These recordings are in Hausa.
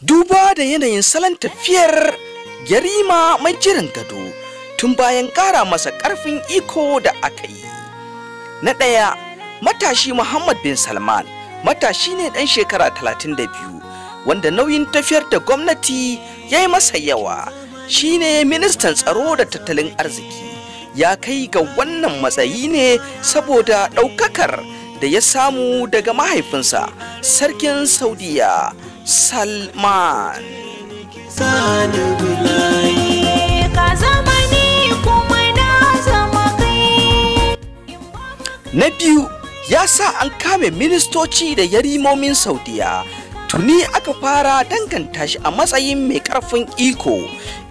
duba da yanayin salon tafiyar yarima mai jiran gado tun bayan ƙara masa ƙarfin iko da aka yi na ɗaya matashi muhammad bin salman matashi ne ɗan shekara 32 wanda nauyin tafiyar da gwamnati ya yi masa yawa shine ministan tsaro da tattalin arziki ya kai ga wannan matsayi ne saboda ɗaukakar da ya samu daga mahaifinsa sarkin saudiya salman na biyu ya sa an kame ministoci da yarimomin saudiya tuni aka fara danganta shi a matsayin mai karfin iko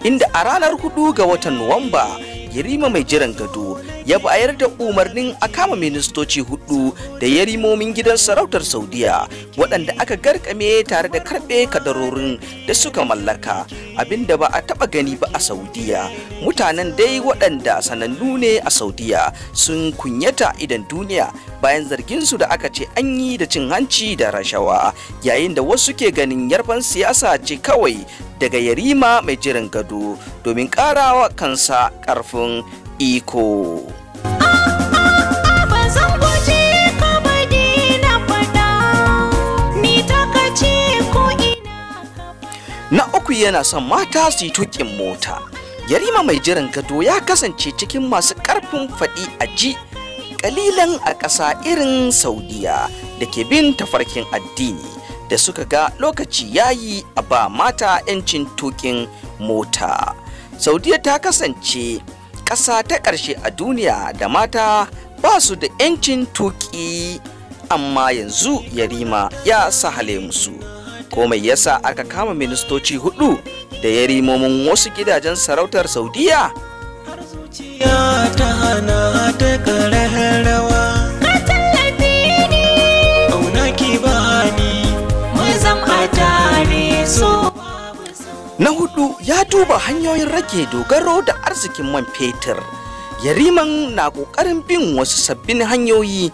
inda a ranar huɗu ga watan nuwamba yarima mai jiran gado ya bayar da umarnin a kama ministoci hudu da yarimomin gidan sarautar saudiya waɗanda aka garkame tare da karɓe kadarorin da suka mallaka abinda ba a taɓa gani ba a saudiya mutanen dai waɗanda sanannu ne a saudiya sun kunyata idan duniya bayan zarginsu da aka ce an yi da cin hanci da rashawa yayin da wasu ke ganin yarban siyasa ce kawai daga yarima mai jiran gado domin ƙarawa kansa ƙarfin iko na uku yana son mata su yi tuƙin mota yarima mai jiran gado ya kasance cikin masu ƙarfin faɗi a ji ƙalilan a ƙasa irin saudiya da ke bin tafarkin addini da suka ga lokaci yayi a ba mata 'yancin tuƙin mota saudiya ta kasance ƙasa ta ƙarshe a duniya da mata ba su da 'yancin tuƙi amma yanzu yarima ya sahale musu komai yasa aka kama ministoci hudu da yarimomin wasu gidajen sarautar saudiya har zuciya ta hana ta rawa ya duba hanyoyin rage dogaro da arzikin man fetur yariman na ƙoƙarin bin wasu sabbin hanyoyi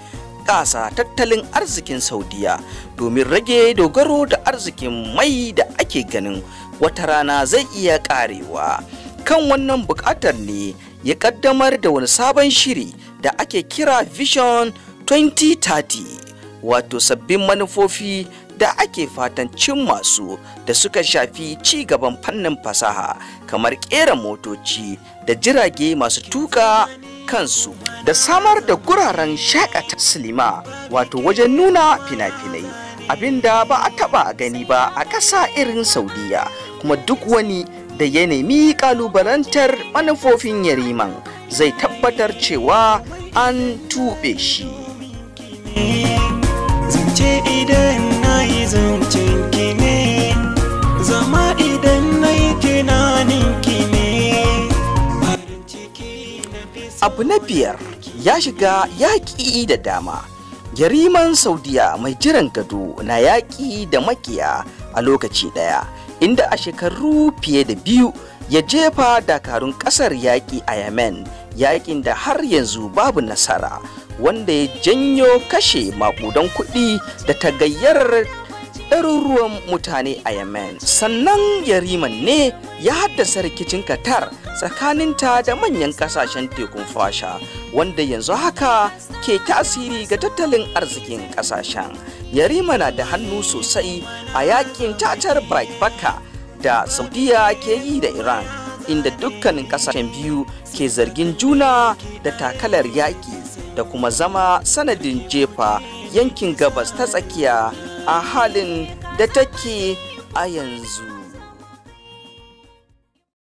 ƙasa tattalin arzikin saudiya domin rage dogaro da arzikin mai da ake ganin wata rana zai iya ƙarewa kan wannan buƙatar ne ya ƙaddamar da wani sabon shiri da ake kira vision 2030 wato sabbin manufofi da ake fatan cin masu da suka shafi ci gaban fannin fasaha kamar kera motoci da jirage masu tuka kansu da samar da guraren shakata silima wato wajen nuna fina-finai abinda ba a taba gani ba a ƙasa irin saudiya kuma duk wani da ya nemi kalubalantar manufofin yariman zai tabbatar cewa an tube shi idan na yi zancen zama idan na yi tunanin abu na biyar ya shiga yaƙi da dama Yariman saudiya mai jiran gado na yaƙi da makiya a lokaci ɗaya inda a shekaru fiye da biyu ya jefa dakarun ƙasar yaƙi a yemen yaƙin da har yanzu babu nasara wanda ya janyo kashe makudan kuɗi da ta gayyar ɗaruruwan mutane a yemen sannan yariman ne ya haddasa rikicin qatar tsakaninta da manyan kasashen tekun fasha wanda yanzu haka ke tasiri ga tattalin arzikin kasashen yarima na da hannu sosai a yakin tatar baka da saudiya ke yi da iran inda dukkanin kasashen biyu ke zargin juna da takalar yaƙi da kuma zama sanadin jefa yankin gabas ta tsakiya a halin da take a yanzu.